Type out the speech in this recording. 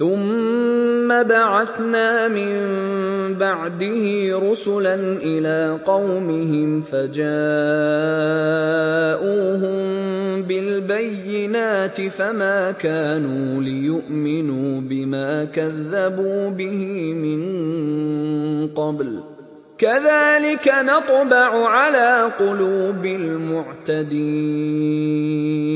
ثم بعثنا من بعده رسلا الى قومهم فجاءوهم بالبينات فما كانوا ليؤمنوا بما كذبوا به من قبل كذلك نطبع على قلوب المعتدين